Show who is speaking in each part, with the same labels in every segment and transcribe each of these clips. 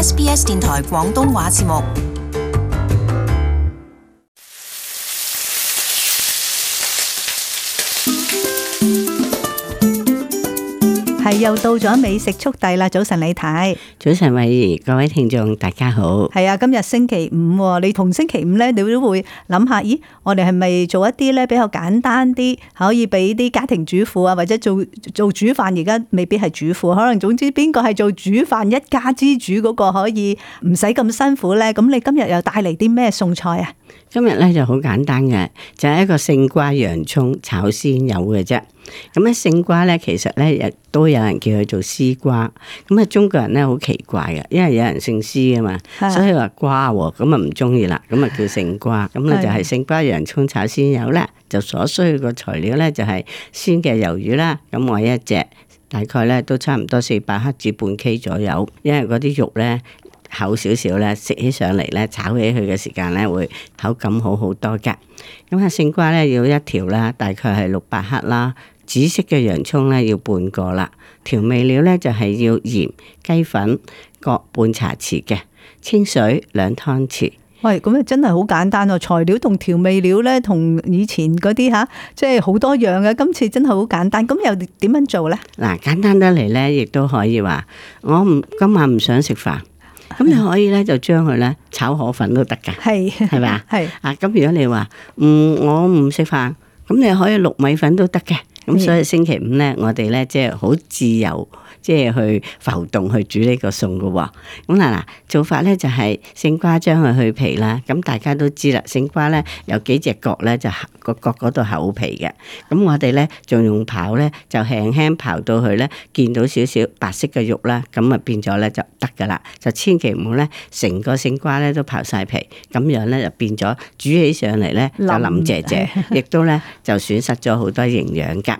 Speaker 1: SBS 電台廣東話節目。又到咗美食速遞啦！早晨，李太，早晨，美娥，各位
Speaker 2: 聽眾，大家好。係
Speaker 1: 啊，今日星期五，你同星期五呢，你都會諗下，咦，我哋係咪做一啲呢，比較簡單啲，可以俾啲家庭主婦啊，或者做做煮飯，而家未必係主婦，可能總之邊個係做煮飯，一家之主嗰個可以唔使咁辛苦呢。咁你今日又帶嚟啲咩餸菜啊？
Speaker 2: 今日咧就好簡單嘅，就係一個聖瓜洋葱炒鮮魷嘅啫。咁咧聖瓜咧其實咧亦都有人叫佢做絲瓜。咁啊中國人咧好奇怪嘅，因為有人姓絲啊嘛，所以話瓜喎，咁啊唔中意啦，咁啊叫聖瓜。咁啊就係聖瓜洋葱炒鮮魷啦。就所需個材料咧就係鮮嘅魷魚啦，咁我一隻大概咧都差唔多四百克至半 K 左右，因為嗰啲肉咧。厚少少咧，食起上嚟咧，炒起佢嘅時間咧，會口感好好多噶。咁啊，勝瓜咧要一條啦，大概係六百克啦。紫色嘅洋葱咧要半個啦。調味料咧就係要鹽、雞粉各半茶匙嘅，清水兩湯匙。
Speaker 1: 喂，咁啊真係好簡單哦！材料同調味料咧，同以前嗰啲吓，即係好多樣嘅。今次真係好簡單，咁又點樣做呢？
Speaker 2: 嗱，簡單得嚟咧，亦都可以話，我唔今晚唔想食飯。咁你可以咧就將佢咧炒河粉都得嘅，係咪？係啊咁，如果你話唔、嗯、我唔食飯，咁你可以渌米粉都得嘅。咁所以星期五咧，我哋咧即係好自由，即係去浮動去煮呢個餸噶、哦。咁嗱嗱，做法咧就係、是、勝瓜將佢去皮啦。咁大家都知啦，勝瓜咧有幾隻角咧就個角嗰度厚皮嘅。咁我哋咧仲用刨咧就輕輕刨到去咧，見到少少白色嘅肉啦。咁啊變咗咧就得噶啦，就千祈唔好咧成個勝瓜咧都刨晒皮，咁樣咧就變咗煮起上嚟咧就腍啫啫，亦 都咧就損失咗好多營養噶。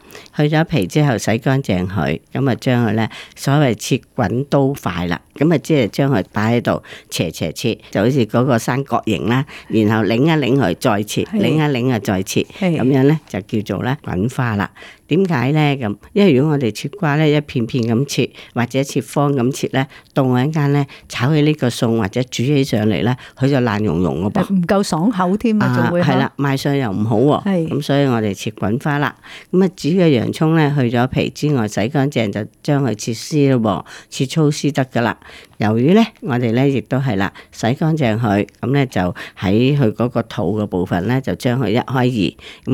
Speaker 2: 去咗皮之後洗乾淨佢，咁啊將佢咧所謂切滾刀塊啦，咁啊即係將佢擺喺度斜斜切，就好似嗰個三角形啦，然後擰一擰佢再切，擰的一擰佢，再切，咁的樣咧就叫做咧滾花啦。點解咧咁？因為如果我哋切瓜咧一片片咁切，或者切方咁切咧，凍一陣間咧炒起呢個餸或者煮起上嚟咧，佢就爛溶溶嘅噃，唔夠爽口
Speaker 1: 添啊！仲會係啦，
Speaker 2: 賣相又唔好喎，咁的所以我哋切滾花啦，咁啊煮。嘅洋葱咧去咗皮之外，洗乾淨就將佢切絲咯，切粗絲得噶啦。魷魚咧，我哋咧亦都係啦，洗乾淨佢，咁咧就喺佢嗰個肚嘅部分咧，就將佢一開二，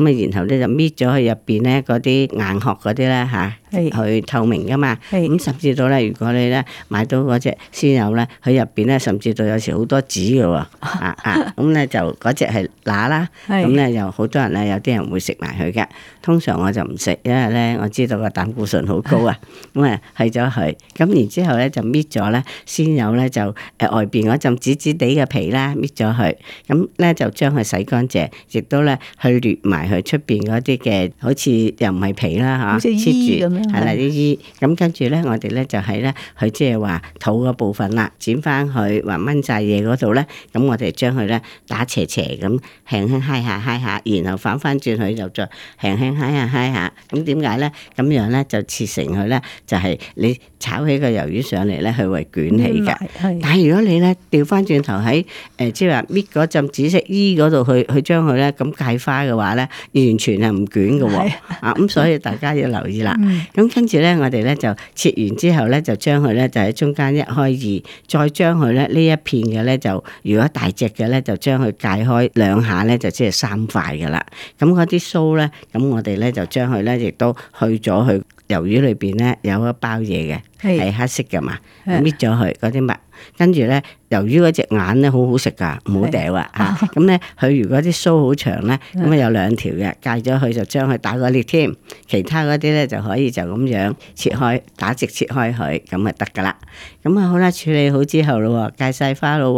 Speaker 2: 咁啊，然後咧就搣咗佢入邊咧嗰啲硬殼嗰啲咧吓，係去透明噶嘛，係咁是甚至到咧，如果你咧買到嗰隻鮮魷咧，佢入邊咧甚至到有時好多籽嘅喎、啊，啊啊，咁咧就嗰隻係乸啦，咁咧又好多人咧有啲人會食埋佢嘅，通常，常我就唔食。因為咧，我知道個膽固醇好高啊，咁啊去咗佢，咁然之後咧就搣咗咧，先有咧就誒外邊嗰浸紫紫地嘅皮啦，搣咗佢，咁咧就將佢洗乾淨，亦都咧去裂埋佢出邊嗰啲嘅，好似又唔係皮啦嚇，好似衣咁樣，係啦啲衣，咁跟住咧我哋咧就喺咧佢即係話肚嗰部分啦，剪翻佢揾掹曬嘢嗰度咧，咁我哋將佢咧打斜斜咁輕輕嗨下嗨下，然後反翻轉佢就再輕輕嗨下嗨下。咁點解咧？咁樣咧就切成佢咧，就係你炒起個魷魚上嚟咧，佢會捲起嘅。但係如果你咧掉翻轉頭喺誒，即係話搣嗰陣紫色衣嗰度去去將佢咧咁解花嘅話咧，完全係唔捲嘅喎。 啊，咁所以大家要留意啦。咁跟住咧，我哋咧就切完之後咧，就將佢咧就喺中間一開二，再將佢咧呢一片嘅咧就如果大隻嘅咧，就將佢解開兩下咧，就即係三塊嘅啦。咁嗰啲鬚咧，咁我哋咧就將佢咧。亦都去咗去魷魚裏邊咧，有一包嘢嘅，係是黑色嘅嘛，搣咗佢嗰啲物，跟住咧。魷魚嗰隻眼咧好好食噶，唔好掉啦嚇。咁咧佢如果啲鬚好長咧，咁啊的有兩條嘅，戒咗佢就將佢打個裂添。其他嗰啲咧就可以就咁樣切開，打直切開佢咁啊得噶啦。咁啊、嗯、好啦，處理好之後咯，戒晒花咯。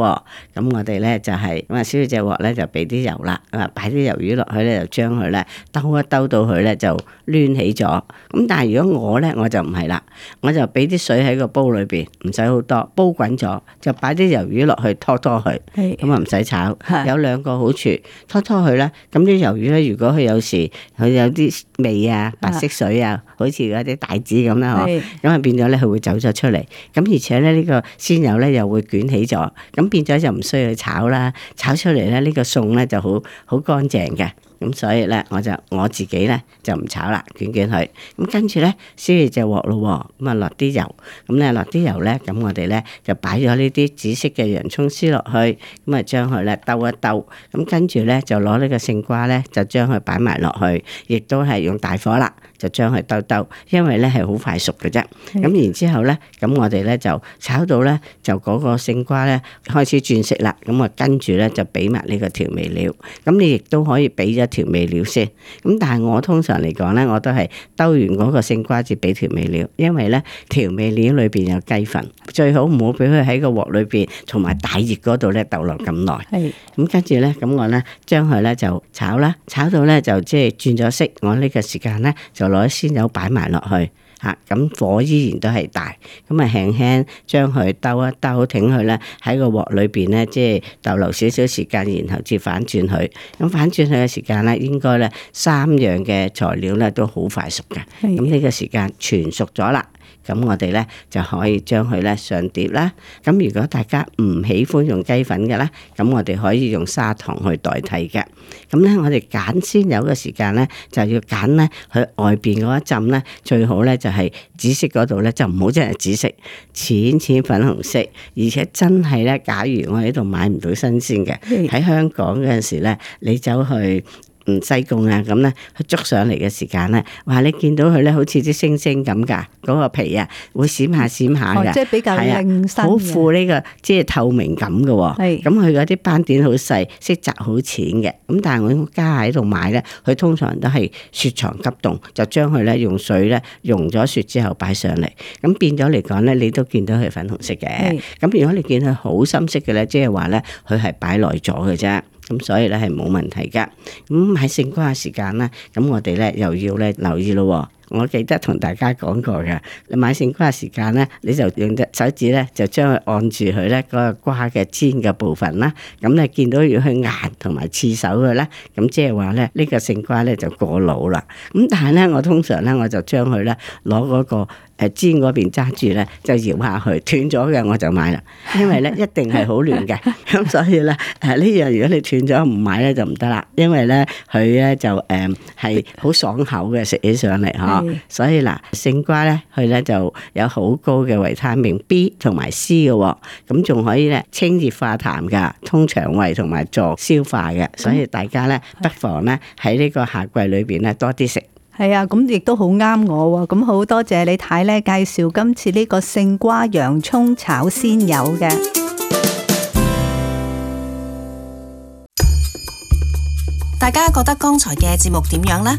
Speaker 2: 咁、嗯、我哋咧就係咁啊，燒隻鑊咧就俾啲油啦，啊擺啲魷魚落去咧就將佢咧兜一兜到佢咧就攣起咗。咁、嗯、但係如果我咧我就唔係啦，我就俾啲水喺個煲裏邊，唔使好多，煲滾咗就擺啲油。魷魚落去拖拖佢，咁啊唔使炒，有兩個好處，拖拖佢咧，咁啲魷魚咧，如果佢有時佢有啲味啊、白色水啊，好似嗰啲帶子咁啦嗬，咁啊變咗咧佢會走咗出嚟，咁而且咧呢個鮮油咧又會捲起咗，咁變咗就唔需要去炒啦，炒出嚟咧呢個餸咧就好好乾淨嘅。咁所以咧，我就我自己咧就唔炒啦，卷捲佢。咁跟住咧，燒熱隻鑊咯，咁啊落啲油。咁咧落啲油咧，咁我哋咧就擺咗呢啲紫色嘅洋葱絲落去。咁啊將佢咧兜一兜。咁跟住咧就攞呢個勝瓜咧，就將佢擺埋落去，亦都係用大火啦，就將佢兜兜。因為咧係好快熟嘅啫。咁然之後咧，咁我哋咧就炒到咧，就嗰個勝瓜咧開始轉色啦。咁啊跟住咧就俾埋呢個調味料。咁你亦都可以俾一調味料先，咁但係我通常嚟講咧，我都係兜完嗰個生瓜再俾調味料，因為咧調味料裏邊有雞粉，最好唔好俾佢喺個鑊裏邊同埋大熱嗰度咧逗留咁耐。係是，咁跟住咧，咁我咧將佢咧就炒啦，炒到咧就即係轉咗色，我呢個時間咧就攞鮮油擺埋落去。吓，咁火依然都係大，咁啊輕輕將佢兜一兜，挺佢啦，喺個鑊裏邊咧，即係逗留少少時間，然後至反轉佢。咁反轉佢嘅時間咧，應該咧三樣嘅材料咧都好快熟嘅。咁呢的個時間全熟咗啦。咁我哋咧就可以將佢咧上碟啦。咁如果大家唔喜歡用雞粉嘅咧，咁我哋可以用砂糖去代替嘅。咁咧，我哋揀鮮魷嘅時間咧，就要揀咧佢外邊嗰一浸咧，最好咧就係紫色嗰度咧就唔好真係紫色，淺淺粉紅色。而且真係咧，假如我喺度買唔到新鮮嘅，喺香港嗰陣時咧，你走去，西貢啊，咁咧佢捉上嚟嘅時間咧，哇！你見到佢咧好似啲星星咁噶，嗰個皮啊會閃下閃下噶，即係比較硬身嘅，好富呢個即係透明感噶。咁佢嗰啲斑點好細，色澤好淺嘅。咁但係我家下喺度買咧，佢通常都係雪藏急凍，就將佢咧用水咧溶咗雪之後擺上嚟，咁變咗嚟講咧，你都見到佢粉紅色嘅。咁的如果你見佢好深色嘅咧，即係話咧佢係擺耐咗嘅啫。咁所以咧係冇問題㗎，咁、嗯、喺性交嘅時間咧，咁我哋咧又要咧留意咯喎。我記得同大家講過嘅，你買勝瓜時間咧，你就用隻手指咧，就將佢按住佢咧，嗰個瓜嘅尖嘅部分啦。咁你見到要去硬同埋刺手嘅咧，咁即係話咧，呢個勝瓜咧就過老啦。咁但係咧，我通常咧我就將佢咧攞嗰個誒尖嗰邊揸住咧，就搖下去斷咗嘅我就買啦，因為咧一定係好嫩嘅。咁所以咧誒呢樣如果你斷咗唔買咧就唔得啦，因為咧佢咧就誒係好爽口嘅食起上嚟嚇。所以嗱，勝瓜咧，佢咧就有好高嘅維他命 B 同埋 C 嘅，咁仲可以咧清熱化痰噶，通腸胃同埋助消化嘅，所以大家咧不妨咧喺呢個夏季裏邊咧多啲食。
Speaker 1: 係啊、嗯，咁亦都好啱我咁好多謝你太咧介紹今次呢、這個勝瓜洋葱炒鮮有嘅。大家覺得剛才嘅節目點樣呢？